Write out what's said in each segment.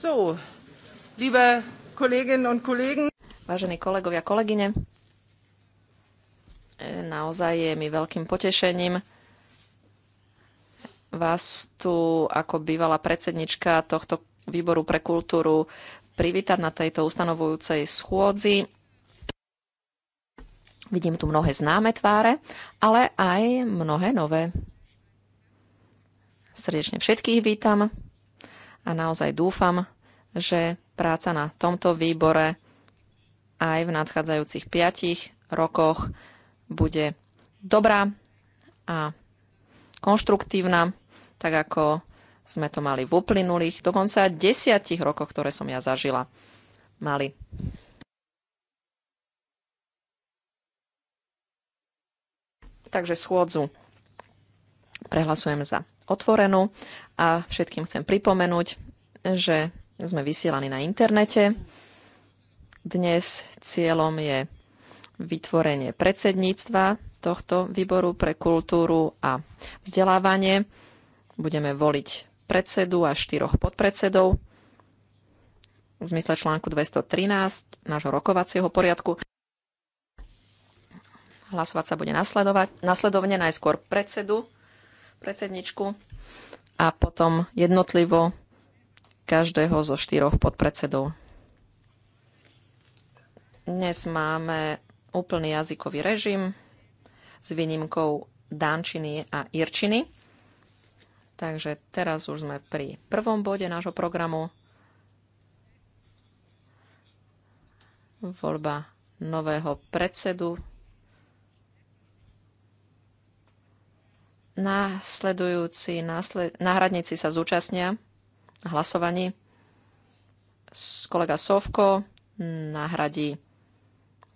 So, liebe Kolleginnen und Kollegen. Vážení kolegovia, kolegyne, e, naozaj je mi veľkým potešením vás tu ako bývalá predsednička tohto výboru pre kultúru privítať na tejto ustanovujúcej schôdzi. Vidím tu mnohé známe tváre, ale aj mnohé nové. Srdečne všetkých vítam a naozaj dúfam, že práca na tomto výbore aj v nadchádzajúcich piatich rokoch bude dobrá a konštruktívna, tak ako sme to mali v uplynulých, dokonca desiatich rokoch, ktoré som ja zažila, mali. Takže schôdzu prehlasujem za otvorenú a všetkým chcem pripomenúť, že sme vysielaní na internete. Dnes cieľom je vytvorenie predsedníctva tohto výboru pre kultúru a vzdelávanie. Budeme voliť predsedu a štyroch podpredsedov v zmysle článku 213 nášho rokovacieho poriadku. Hlasovať sa bude nasledovať, nasledovne najskôr predsedu predsedničku a potom jednotlivo každého zo štyroch podpredsedov. Dnes máme úplný jazykový režim s výnimkou dánčiny a irčiny. Takže teraz už sme pri prvom bode nášho programu. Voľba nového predsedu Následujúci násled, náhradníci sa zúčastnia na hlasovaní. Kolega Sovko nahradí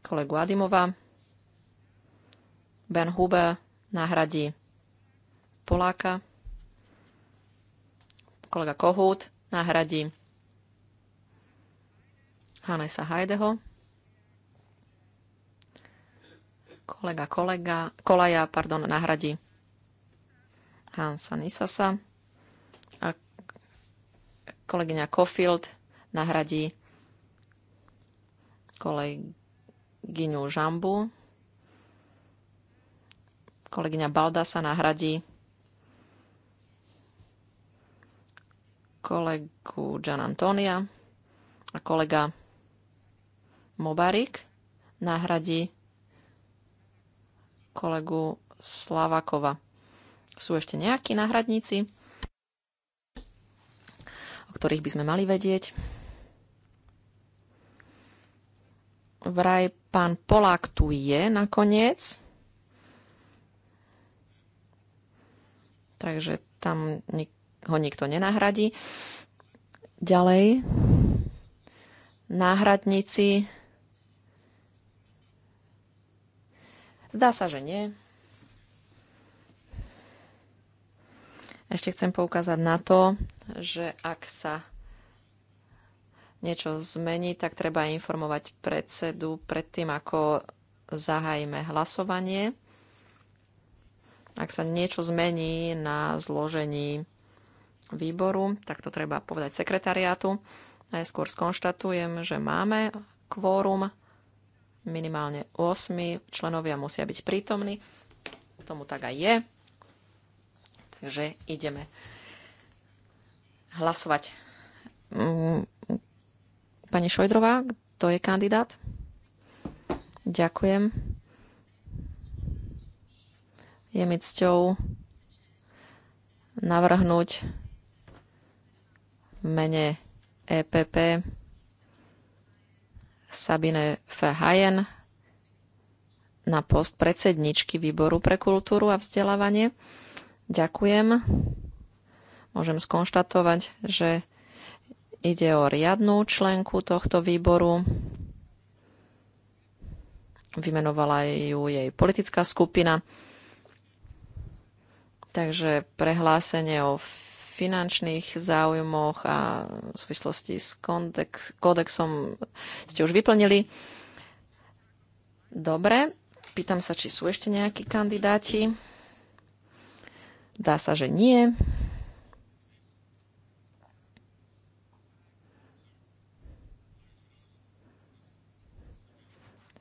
kolegu Adimova. Ben Hube nahradí Poláka. Kolega Kohút nahradí Hanesa Hajdeho. Kolega kolega, Kolaja pardon, nahradí Hansa Nisasa a kolegyňa Kofield nahradí kolegyňu Žambu. Kolegyňa Balda sa nahradí kolegu Gian Antonia a kolega Mobarik nahradí kolegu Slavakova. Sú ešte nejakí náhradníci, o ktorých by sme mali vedieť? Vraj pán Polák tu je nakoniec. Takže tam ho nikto nenahradí. Ďalej, náhradníci. Zdá sa, že nie. Ešte chcem poukázať na to, že ak sa niečo zmení, tak treba informovať predsedu predtým, ako zahájime hlasovanie. Ak sa niečo zmení na zložení výboru, tak to treba povedať sekretariátu. Najskôr skonštatujem, že máme kvórum minimálne 8 členovia musia byť prítomní. Tomu tak aj je. Takže ideme hlasovať. Mm, pani Šojdrová, kto je kandidát? Ďakujem. Je mi cťou navrhnúť mene EPP Sabine Verheyen na post predsedničky Výboru pre kultúru a vzdelávanie. Ďakujem. Môžem skonštatovať, že ide o riadnú členku tohto výboru. Vymenovala ju jej politická skupina. Takže prehlásenie o finančných záujmoch a v súvislosti s kondex, kódexom ste už vyplnili. Dobre, pýtam sa, či sú ešte nejakí kandidáti. Dá sa, že nie.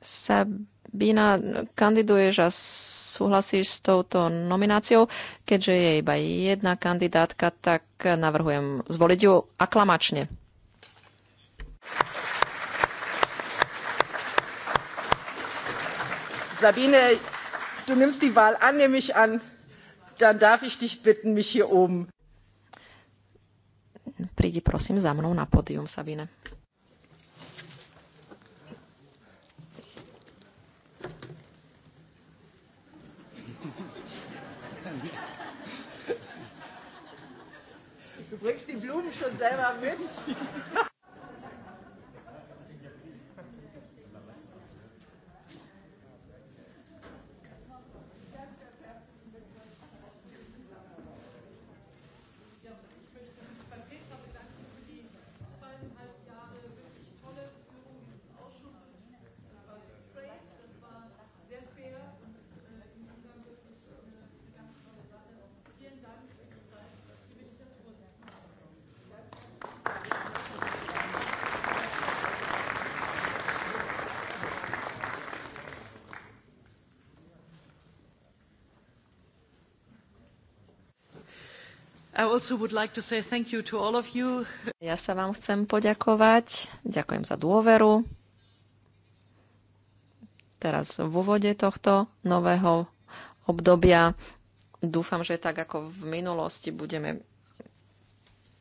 Sabina, kandiduješ a súhlasíš s touto nomináciou? Keďže je iba jedna kandidátka, tak navrhujem zvoliť ju aklamačne. Sabine, du nimmst die Wahl an, nehme ich an dann darf ich dich bitten, mich hier oben. Prídi prosím za mnou na pódium, Sabine. Du bringst die Blumen schon selber mit. ja sa vám chcem poďakovať. Ďakujem za dôveru. Teraz v úvode tohto nového obdobia dúfam, že tak ako v minulosti budeme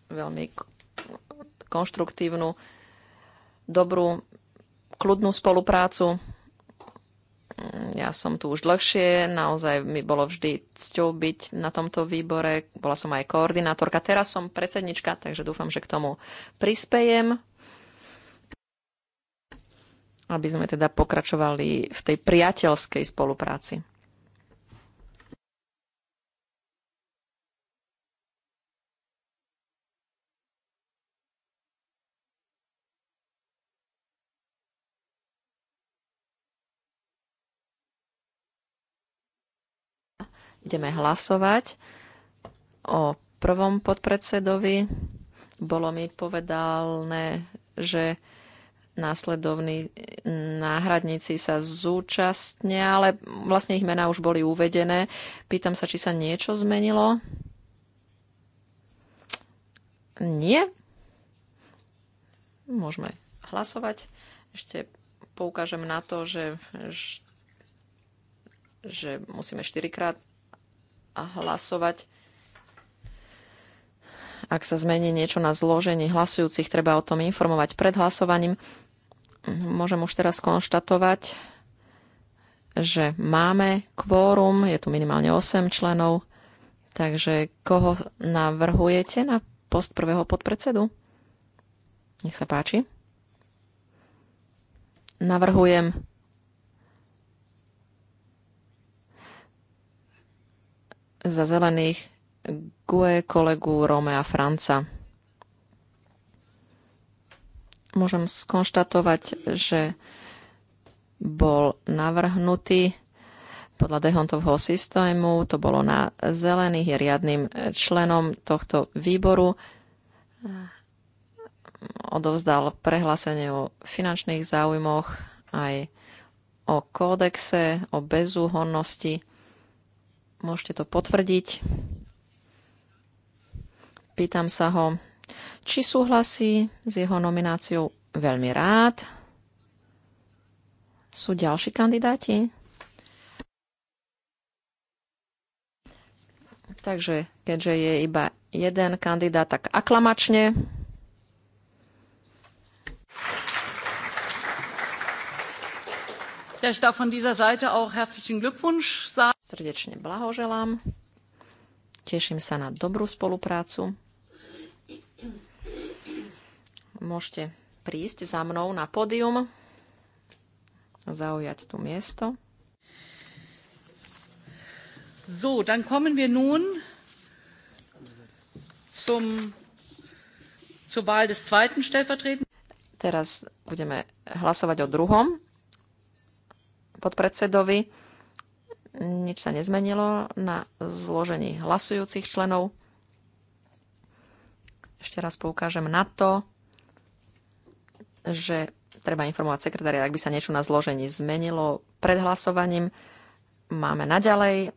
veľmi konštruktívnu, dobrú, kľudnú spoluprácu ja som tu už dlhšie, naozaj mi bolo vždy cťou byť na tomto výbore. Bola som aj koordinátorka, teraz som predsednička, takže dúfam, že k tomu prispejem aby sme teda pokračovali v tej priateľskej spolupráci. Ideme hlasovať o prvom podpredsedovi. Bolo mi povedalné, že následovní náhradníci sa zúčastnia, ale vlastne ich mená už boli uvedené. Pýtam sa, či sa niečo zmenilo. Nie? Môžeme hlasovať. Ešte poukážem na to, že, že musíme štyrikrát a hlasovať. Ak sa zmení niečo na zložení hlasujúcich, treba o tom informovať pred hlasovaním. Môžem už teraz konštatovať, že máme kvórum, je tu minimálne 8 členov, takže koho navrhujete na post prvého podpredsedu? Nech sa páči. Navrhujem za zelených GUE kolegu Romea Franca. Môžem skonštatovať, že bol navrhnutý podľa Dehontovho systému, to bolo na zelených, je riadným členom tohto výboru. Odovzdal prehlásenie o finančných záujmoch aj o kódexe, o bezúhonnosti Môžete to potvrdiť. Pýtam sa ho, či súhlasí s jeho nomináciou veľmi rád. Sú ďalší kandidáti? Takže keďže je iba jeden kandidát, tak aklamačne. Ja, ich darf von dieser Seite auch herzlichen Glückwunsch sagen srdečne blahoželám. Teším sa na dobrú spoluprácu. Môžete prísť za mnou na pódium, zaujať tu miesto. So, dann kommen wir nun zum, zur Wahl des zweiten stellvertretenden. Teraz budeme hlasovať o druhom podpredsedovi nič sa nezmenilo na zložení hlasujúcich členov. Ešte raz poukážem na to, že treba informovať sekretária, ak by sa niečo na zložení zmenilo pred hlasovaním. Máme naďalej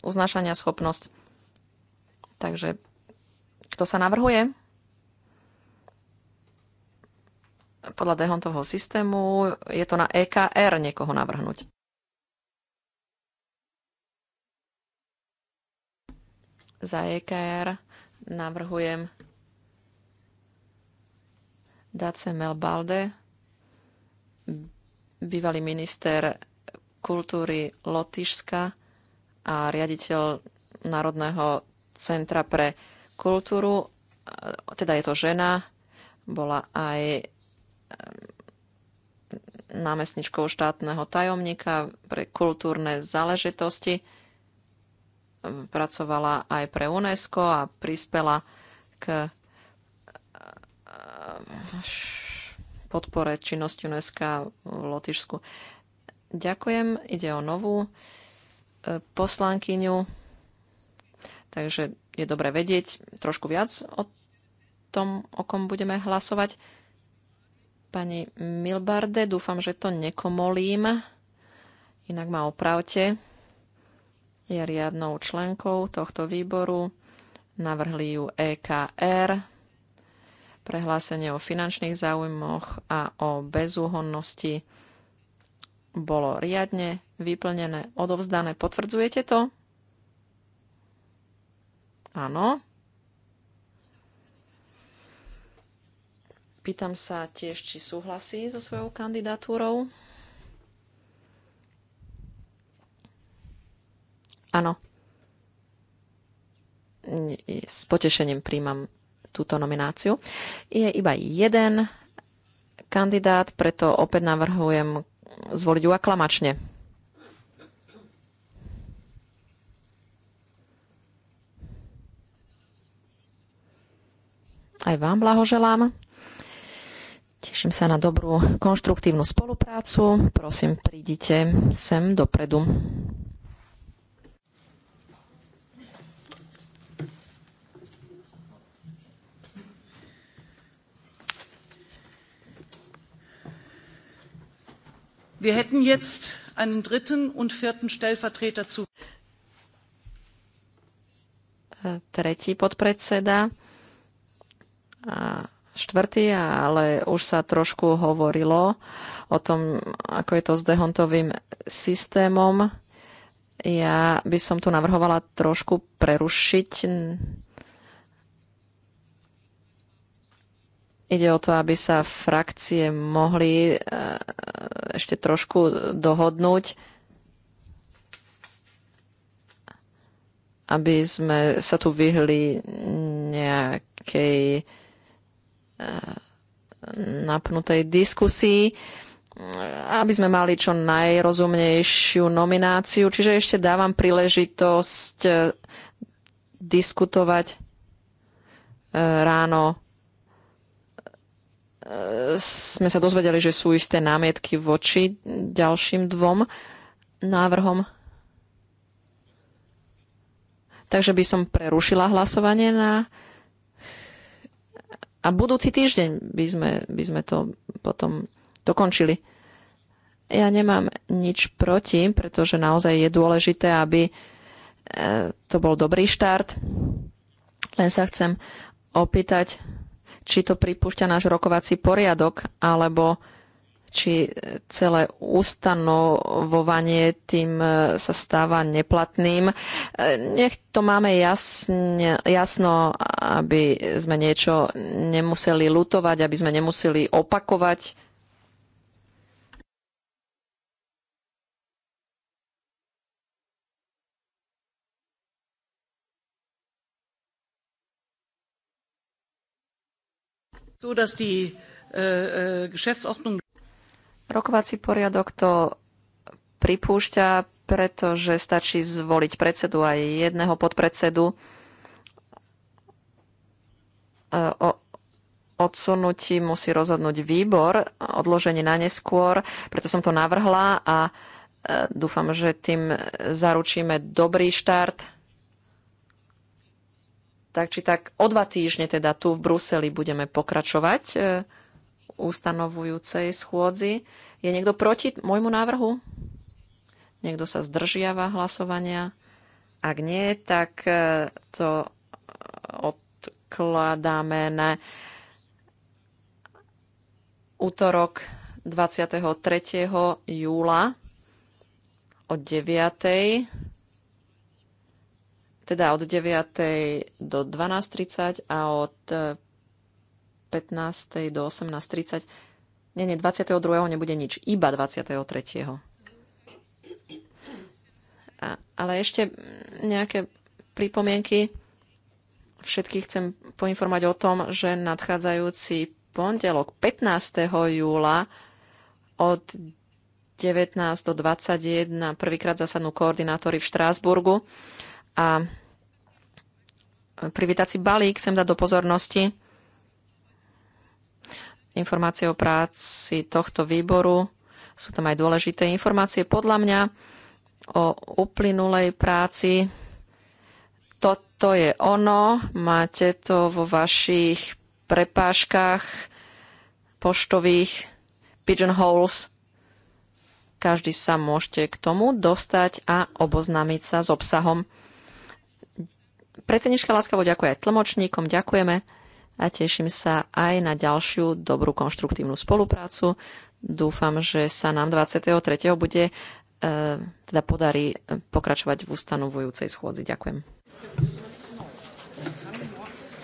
uznášania schopnosť. Takže kto sa navrhuje? Podľa Dehontovho systému je to na EKR niekoho navrhnúť. za EKR navrhujem Dace Melbalde, bývalý minister kultúry Lotyšska a riaditeľ Národného centra pre kultúru. Teda je to žena, bola aj ehm, námestničkou štátneho tajomníka pre kultúrne záležitosti pracovala aj pre UNESCO a prispela k eh, podpore činnosti UNESCO v Lotyšsku. Ďakujem, ide o novú eh, poslankyňu, takže je dobre vedieť trošku viac o tom, o kom budeme hlasovať. Pani Milbarde, dúfam, že to nekomolím, inak ma opravte je riadnou členkou tohto výboru. Navrhli ju EKR, prehlásenie o finančných záujmoch a o bezúhonnosti bolo riadne vyplnené, odovzdané. Potvrdzujete to? Áno. Pýtam sa tiež, či súhlasí so svojou kandidatúrou. Áno. S potešením príjmam túto nomináciu. Je iba jeden kandidát, preto opäť navrhujem zvoliť ju aklamačne. Aj vám blahoželám. Teším sa na dobrú konštruktívnu spoluprácu. Prosím, prídite sem dopredu. Wir hätten jetzt einen dritten und vierten Stellvertreter zu. Tretí podpredseda a štvrtý, ale už sa trošku hovorilo o tom, ako je to s dehontovým systémom. Ja by som tu navrhovala trošku prerušiť Ide o to, aby sa frakcie mohli eh, ešte trošku dohodnúť, aby sme sa tu vyhli nejakej eh, napnutej diskusii, aby sme mali čo najrozumnejšiu nomináciu. Čiže ešte dávam príležitosť eh, diskutovať eh, ráno sme sa dozvedeli, že sú isté námietky voči ďalším dvom návrhom. Takže by som prerušila hlasovanie na... A budúci týždeň by sme, by sme to potom dokončili. Ja nemám nič proti, pretože naozaj je dôležité, aby e, to bol dobrý štart. Len sa chcem opýtať, či to pripúšťa náš rokovací poriadok, alebo či celé ustanovovanie tým e, sa stáva neplatným. E, nech to máme jasne, jasno, aby sme niečo nemuseli lutovať, aby sme nemuseli opakovať Äh, äh, Rokovací poriadok to pripúšťa, pretože stačí zvoliť predsedu aj jedného podpredsedu. E, o odsunutí musí rozhodnúť výbor, odloženie na neskôr, preto som to navrhla a e, dúfam, že tým zaručíme dobrý štart tak či tak o dva týždne teda tu v Bruseli budeme pokračovať e, ustanovujúcej schôdzi. Je niekto proti môjmu návrhu? Niekto sa zdržiava hlasovania? Ak nie, tak e, to odkladáme na útorok 23. júla od 9 teda od 9. do 12.30 a od 15. E, do 18.30. Nie, nie, 22. nebude nič, iba 23. A, ale ešte nejaké pripomienky. Všetkých chcem poinformovať o tom, že nadchádzajúci pondelok 15. júla od 19 do 21 prvýkrát zasadnú koordinátori v Štrásburgu a privítací balík sem dať do pozornosti informácie o práci tohto výboru. Sú tam aj dôležité informácie podľa mňa o uplynulej práci. Toto je ono, máte to vo vašich prepáškach poštových pigeonholes. Každý sa môžete k tomu dostať a oboznámiť sa s obsahom. Predsednička láskavo ďakuje aj tlmočníkom, ďakujeme a teším sa aj na ďalšiu dobrú konštruktívnu spoluprácu. Dúfam, že sa nám 23. bude e, teda podarí e, pokračovať v ustanovujúcej schôdzi. Ďakujem.